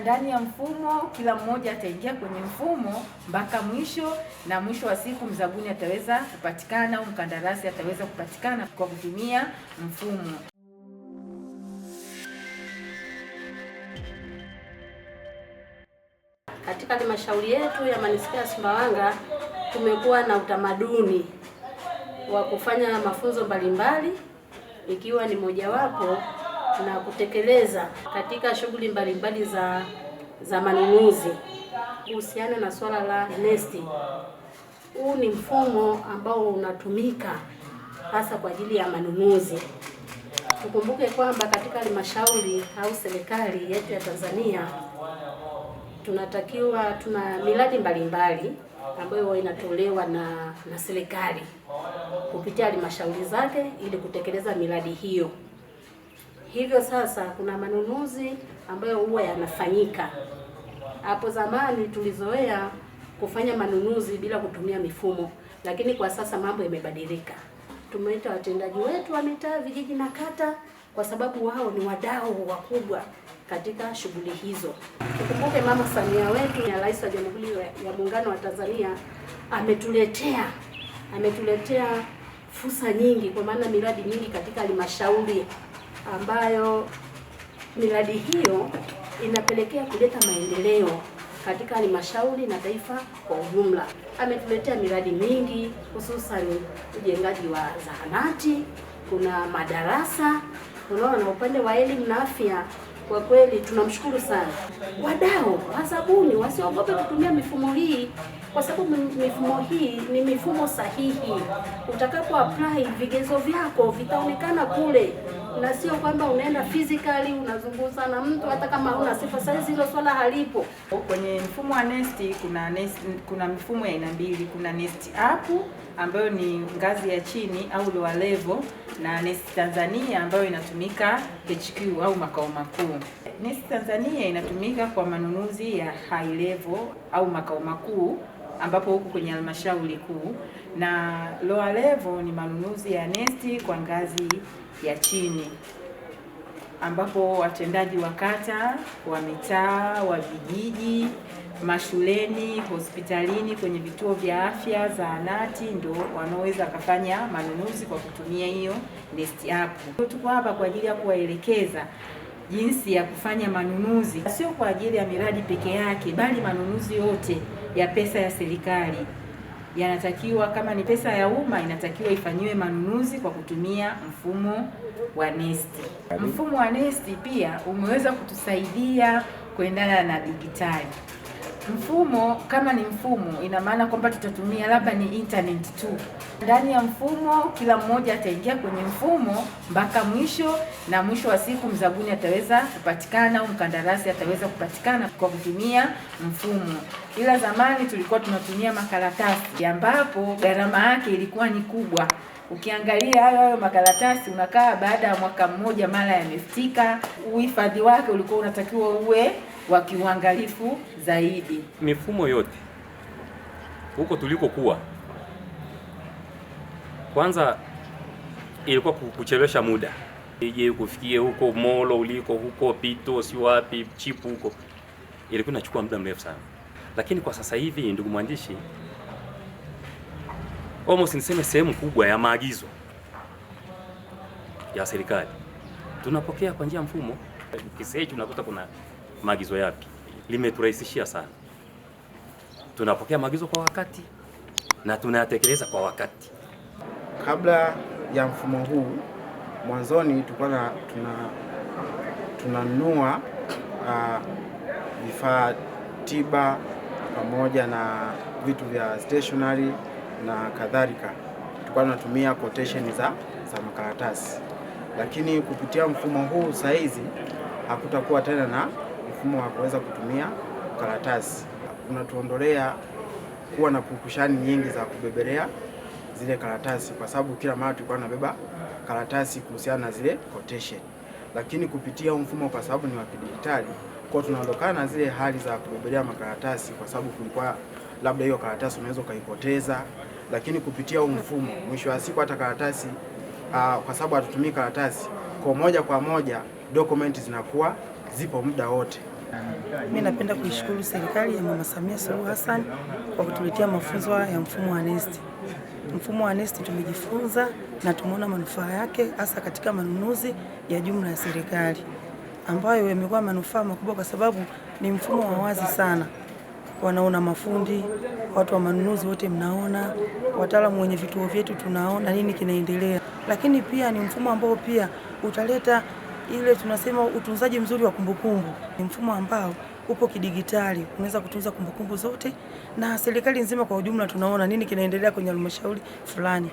ndani ya mfumo. Kila mmoja ataingia kwenye mfumo mpaka mwisho, na mwisho wa siku mzabuni ataweza kupatikana au mkandarasi ataweza kupatikana kwa kutumia mfumo. Katika halmashauri yetu ya manispaa ya Sumbawanga tumekuwa na utamaduni wa kufanya mafunzo mbalimbali, ikiwa ni mojawapo na kutekeleza katika shughuli mbalimbali za za manunuzi. Kuhusiana na swala la NeST, huu ni mfumo ambao unatumika hasa kwa ajili ya manunuzi. Tukumbuke kwamba katika halmashauri au serikali yetu ya Tanzania tunatakiwa tuna miradi mbalimbali ambayo inatolewa na na serikali kupitia halmashauri zake ili kutekeleza miradi hiyo. Hivyo sasa kuna manunuzi ambayo huwa yanafanyika. Hapo zamani tulizoea kufanya manunuzi bila kutumia mifumo, lakini kwa sasa mambo yamebadilika. Tumeita watendaji wetu wa mitaa, vijiji na kata, kwa sababu wao ni wadau wakubwa katika shughuli hizo. Tukumbuke Mama Samia wetu ya Rais wa Jamhuri ya Muungano wa Tanzania ametuletea ametuletea fursa nyingi, kwa maana miradi nyingi katika halmashauri ambayo miradi hiyo inapelekea kuleta maendeleo katika halmashauri na taifa kwa ujumla. Ametuletea miradi mingi, hususan ujengaji wa zahanati, kuna madarasa, unaona, na upande wa elimu na afya kwa kweli tunamshukuru sana. Wadau wasabuni wasiogope kutumia mifumo hii, kwa sababu mifumo hii ni mifumo sahihi. Utakapo apply vigezo vyako vitaonekana kule na sio kwamba unaenda physically unazungumza na mtu hata kama una sifa. Sasa hilo swala halipo. Kwenye mfumo wa nesti kuna NeST, kuna mifumo ya aina mbili, kuna nest app ambayo ni ngazi ya chini au lower level na nesti Tanzania ambayo inatumika HQ au makao makuu. Nesti Tanzania inatumika kwa manunuzi ya high level au makao makuu ambapo huku kwenye halmashauri kuu, na lower level ni manunuzi ya nesti kwa ngazi ya chini, ambapo watendaji wa kata, wa mitaa, wa vijiji, mashuleni, hospitalini, kwenye vituo vya afya, zahanati ndio wanaoweza wakafanya manunuzi kwa kutumia hiyo nesti app. Tuko hapa kwa ajili ya kuwaelekeza jinsi ya kufanya manunuzi, sio kwa ajili ya miradi peke yake, bali manunuzi yote ya pesa ya serikali yanatakiwa, kama ni pesa ya umma, inatakiwa ifanyiwe manunuzi kwa kutumia mfumo wa NeST. Yaani? Mfumo wa NeST pia umeweza kutusaidia kuendana na digitali. Mfumo kama ni mfumo, ina maana kwamba tutatumia labda ni internet tu ndani ya mfumo. Kila mmoja ataingia kwenye mfumo mpaka mwisho, na mwisho wa siku mzabuni ataweza kupatikana au mkandarasi ataweza kupatikana kwa kutumia mfumo. Ila zamani tulikuwa tunatumia makaratasi, ambapo gharama yake ilikuwa ni kubwa. Ukiangalia hayo hayo makaratasi unakaa baada ya mwaka mmoja, mara yameftika. Uhifadhi wake ulikuwa unatakiwa uwe wa kiuangalifu zaidi. Mifumo yote huko tulikokuwa, kwanza ilikuwa kuchelewesha muda, ije kufikie huko Molo uliko huko Pito, si wapi Chipu huko, ilikuwa inachukua muda mrefu sana, lakini kwa sasa hivi, ndugu mwandishi almost niseme sehemu kubwa ya maagizo ya serikali tunapokea kwa njia mfumo. Kisechi unakuta kuna maagizo yapi, limeturahisishia sana. Tunapokea maagizo kwa wakati na tunayatekeleza kwa wakati. Kabla ya mfumo huu, mwanzoni tulikuwa tuna tunanunua ah, vifaa uh, tiba pamoja na vitu vya stationary na kadhalika, tulikuwa tunatumia quotation za, za makaratasi, lakini kupitia mfumo huu saizi hakutakuwa tena na mfumo wa kuweza kutumia karatasi. Unatuondolea kuwa na pukushani nyingi za kubebelea zile karatasi, kwa sababu kila mara tulikuwa tunabeba karatasi kuhusiana na zile quotation, lakini kupitia mfumo, kwa sababu ni wa kidijitali, kwa tunaondokana na zile hali za kubebelea makaratasi, kwa sababu kulikuwa labda hiyo karatasi unaweza ukaipoteza, lakini kupitia huu mfumo, mwisho wa siku hata karatasi uh, kwa sababu hatutumii karatasi kwa moja kwa moja, dokumenti zinakuwa zipo muda wote. Mimi napenda kuishukuru serikali ya Mama Samia Suluhu Hassan kwa kutuletea mafunzo ya mfumo wa NeST. Mfumo wa NeST tumejifunza na tumeona manufaa yake hasa katika manunuzi ya jumla ya serikali ambayo yamekuwa manufaa makubwa kwa sababu ni mfumo wa wazi sana wanaona, mafundi, watu wa manunuzi wote mnaona, wataalamu wenye vituo vyetu tunaona nini kinaendelea, lakini pia ni mfumo ambao pia utaleta ile tunasema utunzaji mzuri wa kumbukumbu. Ni mfumo ambao upo kidigitali, unaweza kutunza kumbukumbu zote, na serikali nzima kwa ujumla tunaona nini kinaendelea kwenye halmashauri fulani.